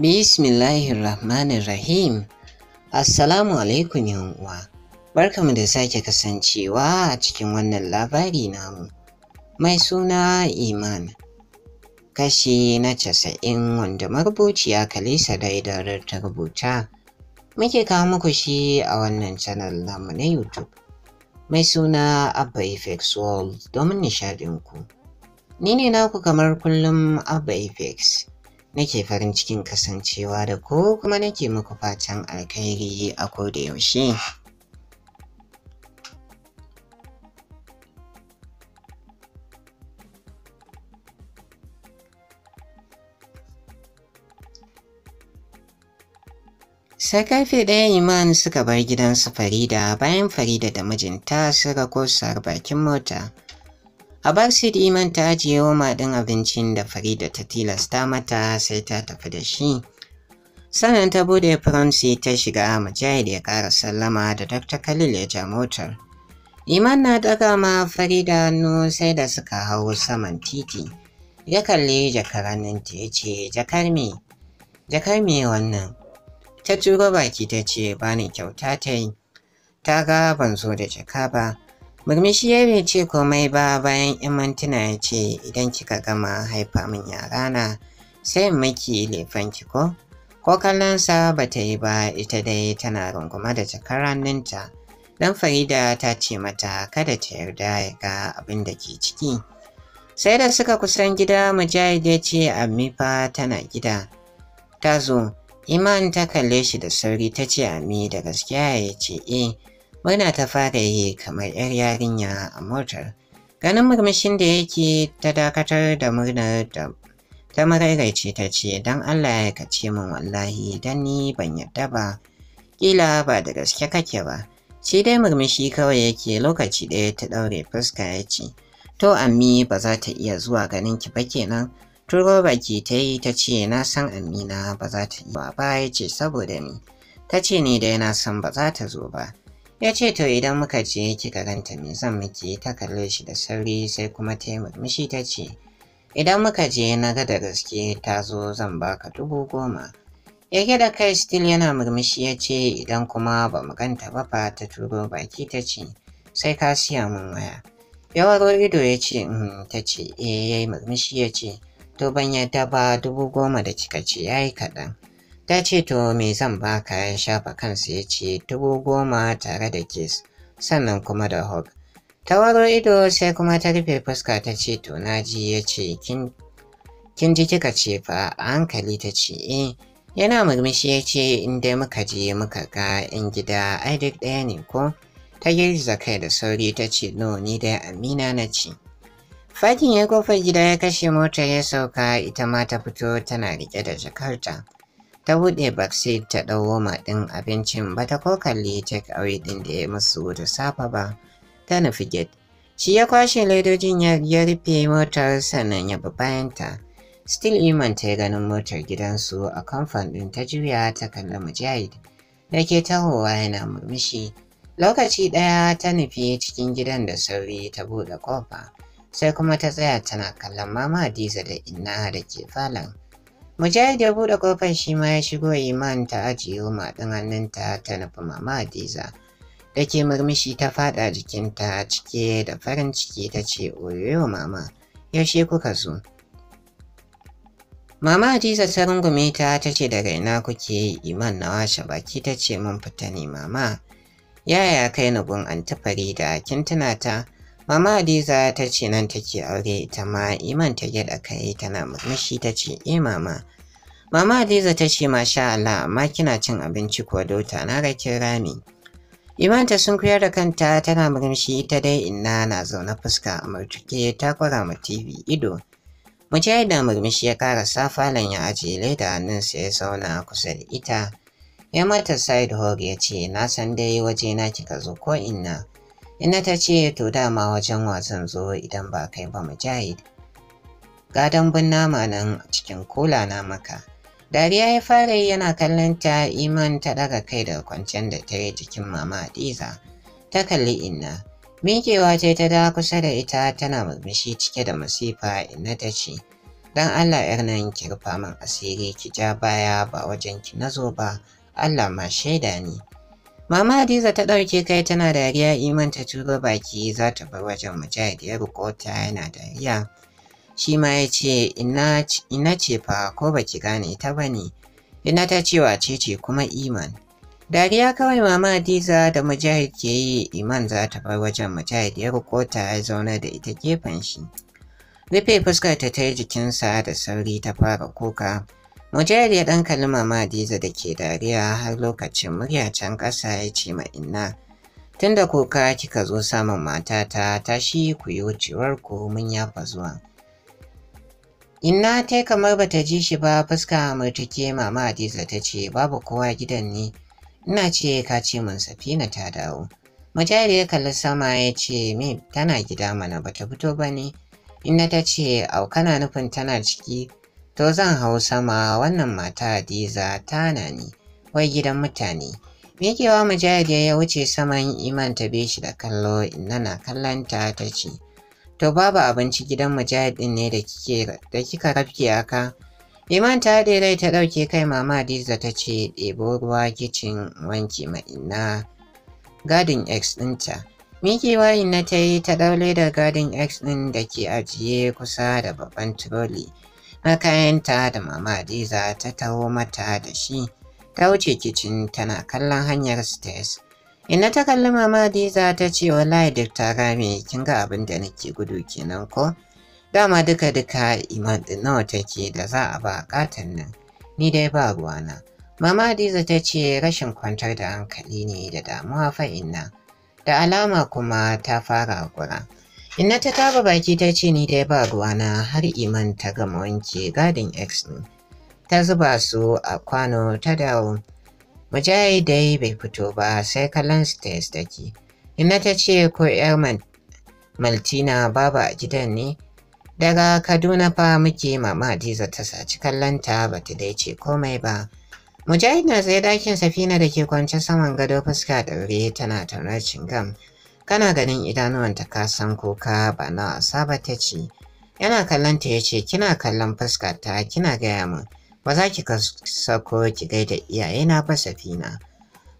Bismillahirrahmanirrahim. Assalamu alaikum uwa. Barkamu da sake kasancewa a cikin wannan labari namu. Mai suna Iman. Kashi na casa'in wanda marubuci marubuciya Kalisa Daidarar ta rubuta. Muke kawo muku shi a wannan channel namu na YouTube. Mai suna Abba Effects World domin nishadinku. Ni ne naku kamar kullum Abba Effects. nake farin cikin kasancewa da ku kuma nake muku fatan alkhairi a koda yaushe. Sai karfe ɗaya Iman suka bar gidansu Farida bayan Farida da mijinta suka kosar bakin mota. A backseat Iman ta ajiye wa madan abincin da Farida ta tilasta mata sai ta tafi da shi. Sannan ta bude front ta shiga Mujahid ya ƙara sallama da Dr. Khalil ya ja motar. Iman na daga ma Farida hannu sai da suka hau saman titi. Ya kalli jakaranin ta ya ce, Jakar me? Jakar me wannan? Ta turo baki ta ce, Bani kyauta ta yi. Ta ga ban zo da jaka ba. Murmushi ya bai ce komai ba bayan 'yan mantuna ya ce idan kika gama haifa min yarana sai in miki lefanki ko? Ko kallonsa ba ta yi ba ita dai tana runguma da jakar Dan Farida ta ce mata kada ta yarda ya ga abin da ke ciki. Sai da suka kusan gida Mujahid ya ce Ammi fa tana gida. Ta zo, Iman ta kalle shi da sauri ta ce Ammi da gaskiya ya ce eh murna ta fara yi kamar 'yar yarinya a motar. Ganin murmushin da yake ta dakatar da murnar da ta maraice ta ce don Allah ya kace min wallahi don ni ban yadda ba. Kila ba da gaske kake ba. Shi dai murmushi kawai yake lokaci ɗaya ta ɗaure fuska ya ce, To ammi ba za ta iya zuwa ganin ki ba kenan. Turo baki ta yi ta ce na san amina ba za ta iya ba ya ce saboda ni. Ta ce ni dai na san ba za ta zo ba. Ya ce to idan muka je kika karanta me zan miki ta kalle shi da sauri sai kuma ta yi murmushi ta ce idan muka je na ga da gaske ta zo zan baka dubu goma. ya da kai still yana murmushi ya ce idan kuma ba mu ganta ba fa ta turo baki ta ce sai ka siya mun waya. Yawaro ido ya ce mm, ta ce eh yayi murmushi ya ce to ban yadda ba dubu goma da kika ce yayi kaɗan. Ta ce to me zan baka ya shafa kansa ya ce dubu goma tare da kes sannan kuma da hog. Ta waro ido sai kuma ta rufe fuska ta ce to naji ya ce kin ji kika ce fa a hankali ta ce eh yana murmushi ya ce in dai muka je muka ga 'Yan gida ai duk ɗaya ne ko? ta girgiza kai da sauri ta ce no ni dai amina na ce fakin ya kofar gida ya kashe motar ya sauka ita ma ta fito tana rike da jakarta ta buɗe backseat ta ɗau woma ɗin abincin ba ta ko kalli take away ɗin da ya musu da safa ba ta nufi gate. Shi ya kwashe ledojin ya rufe motar sannan ya bi ta Still Iman ta yi ganin motar gidansu a kamfan ɗin ta juya ta kalli Mujahid da ke tahowa yana murmushi. Lokaci ɗaya ta nufi cikin gidan da sauri ta buɗe ƙofa, sai kuma ta tsaya tana kallon mama Hadiza da inna da ke falon. Mujahid ya buɗe ƙofar shi ma ya shigo Iman ta ajiye maɗin hannunta ta nufi Mama Hadiza. Dake murmushi ta faɗa jikinta cike da farin ciki ta ce oyoyo mama, yaushe kuka zo? Mama Hadiza ta rungume ta ta ce daga ina kuke Iman na washe baki ta ce mun fita ne mama. Yaya kai na gun anti Farida kin tuna ta? Mama Hadiza ta ce nan take aure ita ma Iman ta gyaɗa kai tana murmushi ta ce eh mama. Mama Hadiza ta ce masha Allah amma kina cin abinci ko dota na ga rami. Iman ta sun kuyar da kanta tana murmushi ta dai inna na zaune fuska a murtuke ta kwara ma TV ido. Mujahid da murmushi ya kara safalan ya ajiye leda hannunsa ya zauna kusa da ita. Ya mata side hug ya ce na san dai waje na kika zo ko inna. Inna ta ce to dama wajen wasan zo idan ba kai ba Mujahid. Ga dambun nama nan cikin kula na maka. Dariya ya fara yi yana kallon ta Iman ta ɗaga kai daga kwancen da ta yi jikin mama Hadiza. Ta kalli Inna. mikewa ce ta da kusa da ita tana murmushi cike da masifa Inna ta ce, Don Allah ‘yar nan ki rufa min asiri ki ja baya ba wajen ki zo ba, Allah ma shaida ni. Mama Hadiza ta ɗauke kai tana dariya Iman ta turo baki za ta bar wajen mujahid ya yana dariya. shi ma ya ce ina ce fa ko baki gane ta ne? ina ta ce wace ce kuma iman dariya kawai mama Hadiza da mujahid ke yi iman za ta bar wajen mujahid ya ruko ta ya zauna da ita gefen shi rufe fuskar ta ta yi jikinsa da sauri ta fara kuka mujahid ya ɗan kalli mama Hadiza da ke dariya har lokacin murya can ƙasa ya ce ma ina. tunda kuka kika zo samun matata tashi ku yi wucewar ku mun yafa zuwa Inna ta kamar bata ji shi ba fuska murtuke mama Hadiza ta ce babu kowa gidan ni?" Ina ce ka ce mun safina ta dawo. Mujahid ya kalli sama ya ce me tana gida mana bata fito ba ne. Inna ta ce au kana nufin tana ciki to zan hau sama wannan mata Hadiza tana ne wai gidan mutane. Mikewa Mujahid ya wuce saman imanta ta be shi da kallo inna na kallon ta ta ce. to babu abinci gidan mujahid ɗin ne da kike da kika rafke aka Iman ta haɗe rai ta ɗauke kai mama Hadiza ta ce ɗebo ruwa kicin wanki ina. Garden X ɗinta. Miki wayin na ta yi ta ɗaule da Garden X ɗin da ke ajiye kusa da babban troli. Makayanta da mama Hadiza ta taho mata da shi ta wuce kicin tana kallon hanyar stairs. Inna ta kalli mama diza ta ce wallahi duk ta rame kin ga abin da nake gudu kenan ko? Dama duka duka iman nawa take da za a ba katan nan. Ni dai ba ruwana. Mama diza ta ce rashin kwantar da hankali ne da damuwa fa inna. Da alama kuma ta fara kura. Inna ta taba baki ta ce ni dai ba ruwa na har iman ta gama wanke gadin X ne. Ta zuba su a kwano ta dawo. Mujayi dai bai fito ba sai kallon stairs take. Ina ta ce ko ‘yar Maltina babu a gidan ne? Daga Kaduna fa muke mama Hadiza ta saci kallonta ba ta dai ce komai ba. Mujahid na tsaye dakin safina da ke kwance saman gado fuska ɗaure tana taunar cingam. Kana ganin idanuwanta ka san kuka ba na wasa ba ta ce. Yana kallonta ya ce kina kallon ta kina gaya min. ba za ki sako ki gaida iyayena ba safina.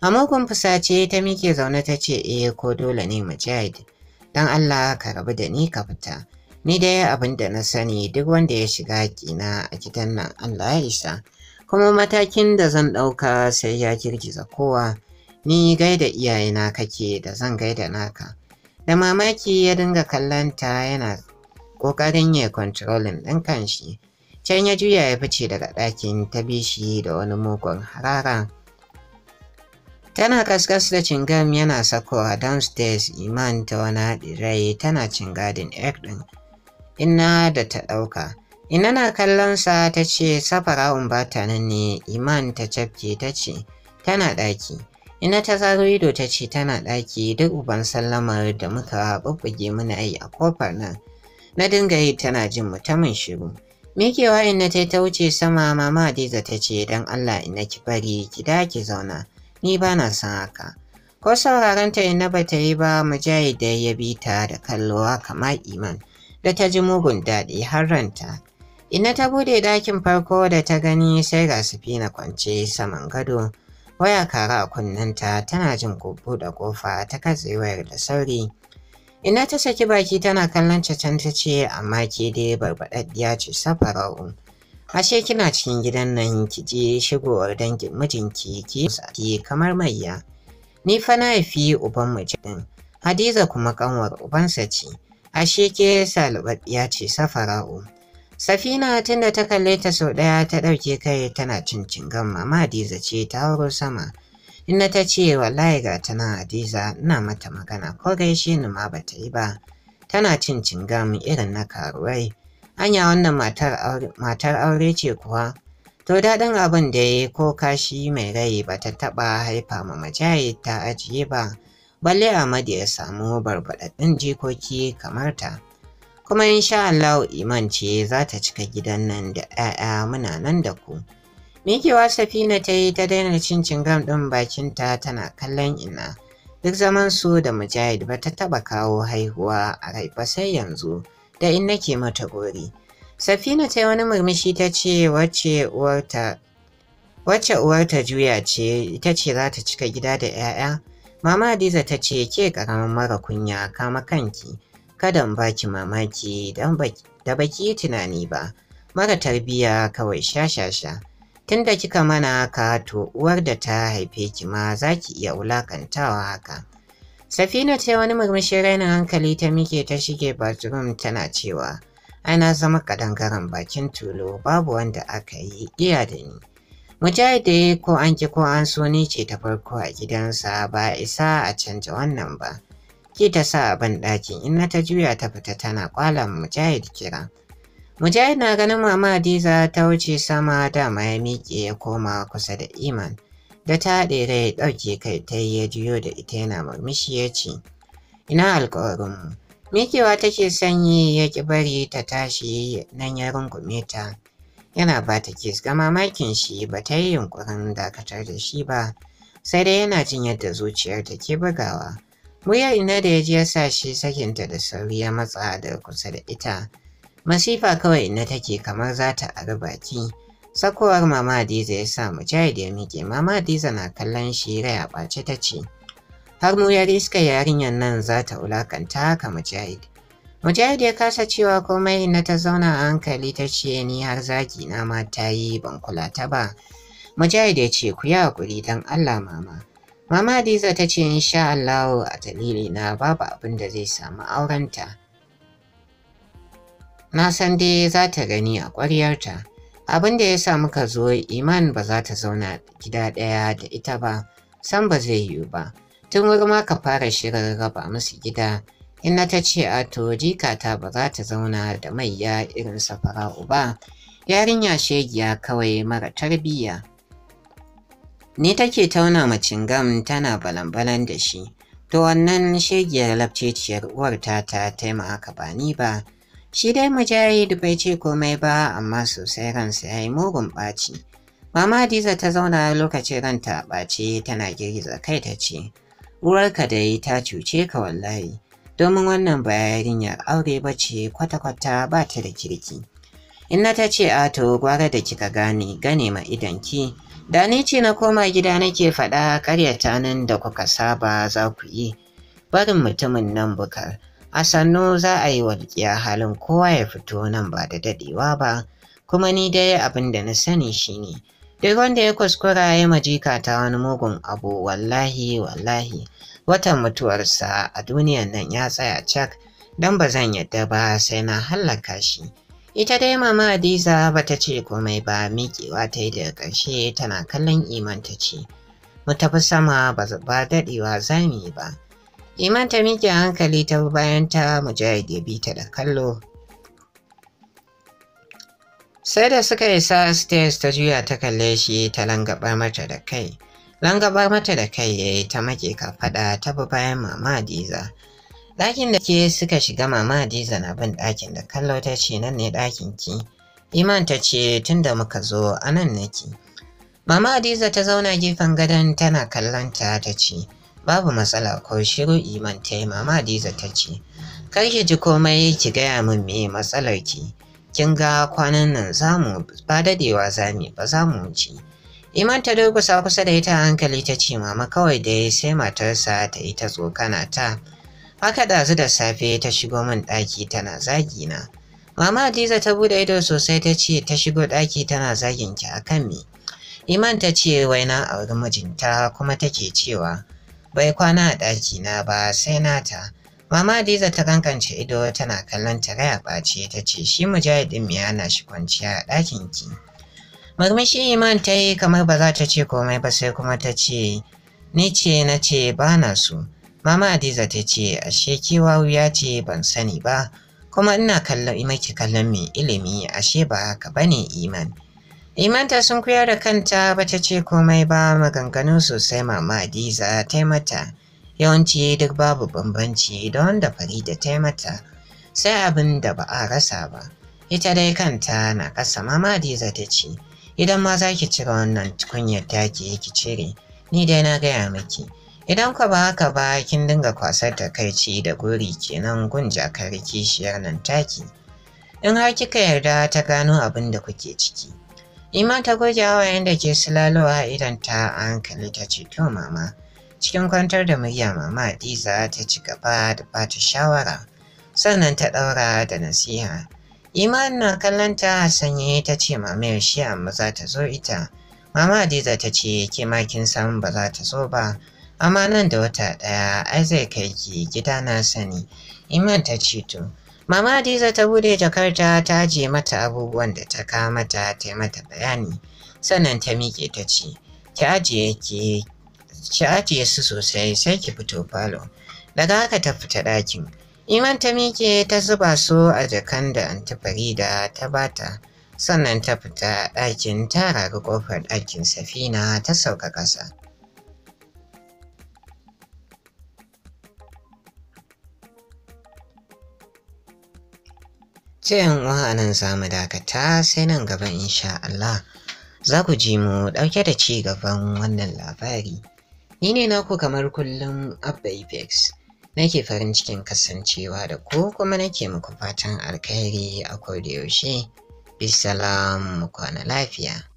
A fusace ta mike zaune ta ce eh ko dole ne mujahid dan Allah ka rabu da ni ka fita. Ni dai abin da na sani duk wanda ya shiga kina a gidan nan Allah ya isa. Kuma matakin da zan ɗauka sai ya girgiza kowa. Ni gaida iyayena kake da zan gaida naka. Da mamaki ya dinga kallon ta yana ƙoƙarin ya kontrolin ɗin kanshi. shi. Can ya juya ya fice daga ɗakin ta bi shi da wani mugun harara. Tana kaskas da cingam yana sakowa downstairs iman ta wani haɗirai tana cingadin egg ɗin. Ina da ta ɗauka. Ina na kallonsa ta ce un ba ta nan ne iman ta cafke ta ce tana ɗaki. Ina ta zaro ido ta ce tana ɗaki duk uban sallamar da muka bubbuge muna yi a kofar nan. Na dinga yi tana jin mutumin shiru. Mikewa inna ta ta wuce sama mama Hadiza ta ce don Allah ina ki bari ki da ki zauna ni ba na son haka. Ko sauraron ta inna ba ta yi ba mujahid da ya bi ta da kallowa kamar iman da ta ji mugun daɗi har ranta. ina ta bude ɗakin farko da ta gani sai ga na kwance saman gado. Waya kara a ta tana jin buɗe ƙofa ta katse wayar da sauri. Ina ta saki baki tana kallon cacan ta ce amma ke dai barbaɗaɗɗiya ce safara'u. Ashe kina cikin gidan nan ki je shigowar dangin mijinki ki kamar maiya. Ni fa na haifi uban mijin. Hadiza kuma kanwar ubansa ce. Ashe ke salubaɗɗiya ce safara'u. Safina tunda ta kalle ta sau ɗaya ta ɗauke kai tana cin cingan mama Hadiza ce ta hauro sama. inda ta ce wallahi ga tana Hadiza ina mata magana ko gaishe ni ma bata yi ba. Tana cin cingam irin na karuwai. Hanya wannan matar aure ce kuwa. To daɗin abin da yayi ko kashi mai rai ba ta taɓa haifa ma majayi ta ajiye ba, balle Ahmadu ya samu barbaɗaɗɗun jikoki kamar ta. Kuma insha Allah iman ce za ta cika gidan nan da ‘ya'ya muna nan da ku. Mikewa Safina ta yi ta daina cincin gam ɗin bakinta tana kallon ina. Duk zaman su da Mujahid ba ta taɓa kawo haihuwa a rai ba sai yanzu da in nake mata gori. Safina ta yi wani murmushi ta ce wacce uwarta wacce uwarta juya ce ita ce za ta cika gida da 'ya'ya. Mama Hadiza ta ce ke ƙaramin mara kunya kama kanki kada in baki mamaki da baki tunani ba mara tarbiyya kawai shashasha. Tun da kika mana haka to uwar da ta haife ki ma za ki iya wulakantawa haka. Safina ce wani murmushin rainin hankali ta mike ta shige bathroom tana cewa ana zama kadangaren bakin tulo babu wanda aka yi iya da ni. Mujahid da ko an ki ko an so ni ce ta farko a gidansa ba isa a canja wannan ba. Ki ta sa abin ɗakin in na ta juya ta fita tana kwalan Mujahid kira. Mujahid na ganin Mama Hadiza ta wuce sama dama ya miƙe ya koma kusa da Iman. Da ta haɗe da ya ɗauke kai ta yi ya juyo da ita yana murmushi ya ce, Ina alƙawarinmu. ta take sanyi ya ki bari ta tashi nan ya rungume ta. Yana ba ta kis ga mamakin shi ba ta yi yunƙurin dakatar da shi ba, sai dai yana jin yadda zuciyar ta ke bugawa. Muryar ina da ya ji ya sa shi sakinta da sauri ya matsa da kusa da ita. Masifa kawai na take kamar za ta ari baki. Sakowar Mama Hadiza ya sa Mujahid ya miƙe. Mama Hadiza na kallon shi rai a ɓace ta ce, Har mu ya riska yarinyar nan za ta wulakanta haka Mujahid. Mujahid ya kasa cewa komai na ta zauna a hankali ta ce ni har zaki na ma ta yi ban kula ta ba. Mujahid ya ce ku yi hakuri don Allah mama. Mama Hadiza ta ce insha Allah a dalili na babu abin da zai samu aurenta. na san dai za ta gani a ƙwaryarta abin da ya sa muka zo iman ba za ta zauna gida ɗaya da ita ba san ba zai yiwu ba tun wuri ma ka fara shirin raba musu gida in na ta ce a to jikata ba za ta zauna da mai maiya irin safara'u ba yarinya shegiya kawai mara tarbiyya ni take tauna macingam tana balan-balan da shi to wannan shegiyar labceciyar uwar ta ta taimaka ba ni ba Shi dai Mujahid bai ce komai ba amma sosai ransa ya yi mugun ɓaci. Mama Hadiza ta zauna lokacin ranta a ɓace tana girgiza kai ta ce, Uwarka dai ta cuce ka wallahi, domin wannan ba yarinyar aure bace kwata-kwata ba ta da kirki. Inna ta ce ato gwara da kika gane gane ma idanki, da ni ce na koma gida nake faɗa karyata nan da kuka saba za ku yi, barin mutumin nan bukar. a sannu za a yi walƙiya halin kowa ya fito nan ba da daɗewa ba kuma ni dai abin da na sani shine duk wanda ya kuskura ya majika ta wani mugun abu wallahi wallahi watan mutuwarsa a duniyan nan ya tsaya cak don ba zan yadda ba sai na hallaka shi ita dai mama adiza ba ta ce komai ba miƙewa ta yi daga ƙarshe tana kallon imanta ce mu tafi sama ba daɗewa za mu yi ba. Iman ta miƙe hankali ta bayan ta Mujahid ya bi ta da kallo. Sai da suka isa stairs ta juya ta kalle shi ta langabar mata da kai. Langabar mata da kai ya yi ta make faɗa, ta bi bayan mama Hadiza. Ɗakin da ke suka shiga mama Hadiza na bin ɗakin da kallo ta ce nan ne ɗakin ki. Iman ta ce tun da muka zo a nan nake. Mama Hadiza ta zauna gefen gadon tana kallon ta ta ce, babu matsala ko shiru iman ta yi mama Hadiza ta ce kar ki ji komai ki gaya min me matsalar ki kin ga kwanan nan zamu ba dadewa zami ba za ci Iman ta durkusa kusa da ita hankali ta ce mama kawai dai sai matarsa ta yi ta tsokana ta haka dazu da safe ta shigo min ɗaki tana zagi na mama Hadiza ta bude ido sosai ta ce ta shigo ɗaki tana zagin ki akan me Iman ta ce wai na auri mijinta kuma take cewa bai kwana a ɗakina ba sai nata. Mama Hadiza ta kankance ido tana kallon ta gaya ɓace ta ce shi mujahid ɗin ya na shi kwanciya a ɗakin ki. Murmushi Iman ta yi kamar ba za ta ce komai ba sai kuma ta ce ni ce na ce ba na so. Mama Adiza ta ce ashe kiwa wuya ce ban sani ba kuma ina kallon maki kallon mai ilimi ashe ba haka bane Iman. Imanta sun kuyar da kanta ba ta ce komai ba maganganu sosai mama Adiza ta mata. Yawanci duk babu bambanci da wanda da ta mata sai abin da ba a rasa ba. Ita dai kanta na ƙasa mama Adiza ta ce, Idan ma za ki cire wannan tukunyar taki ki cire, ni dai na gaya maki. Idan ku ba haka ba kin dinga kwasar takaici da gori kenan gun jakar kishiyar nan taki. In har kika yarda ta gano abin da kuke ciki, Ima ta goge hawa da ke a idan ta hankali ta ce to mama. Cikin kwantar da murya mama Hadiza ta ci gaba da bata shawara. Sannan ta ɗaura da nasiha. Iman na kallon ta sanye ta ce mama yaushe amma za ta zo ita. Mama Hadiza ta ce ke ma kin san ba za ta zo ba. Amma nan da wata ɗaya ai zai kai ki gida na sani. Iman ta ce to Mama Hadiza ta bude jakarta ta ajiye mata abubuwan da ta kawo mata ta mata bayani sannan ta miƙe ta ce ki ajiye ki ki ajiye su sosai sai ki fito falo daga haka ta fita ɗakin iman ta miƙe ta zuba su a jakan da antifarida ta bata sannan ta fita ɗakin ta raga ƙofar ɗakin safina ta sauka ƙasa To uwa nan za dakata sai nan gaba insha Allah za ku ji mu ɗauke da ci gaban wannan labari. Ni ne naku kamar kullum Abba Apex. Nake farin cikin kasancewa da ku kuma nake muku fatan alkhairi a koda yaushe. Bisalam kwana lafiya.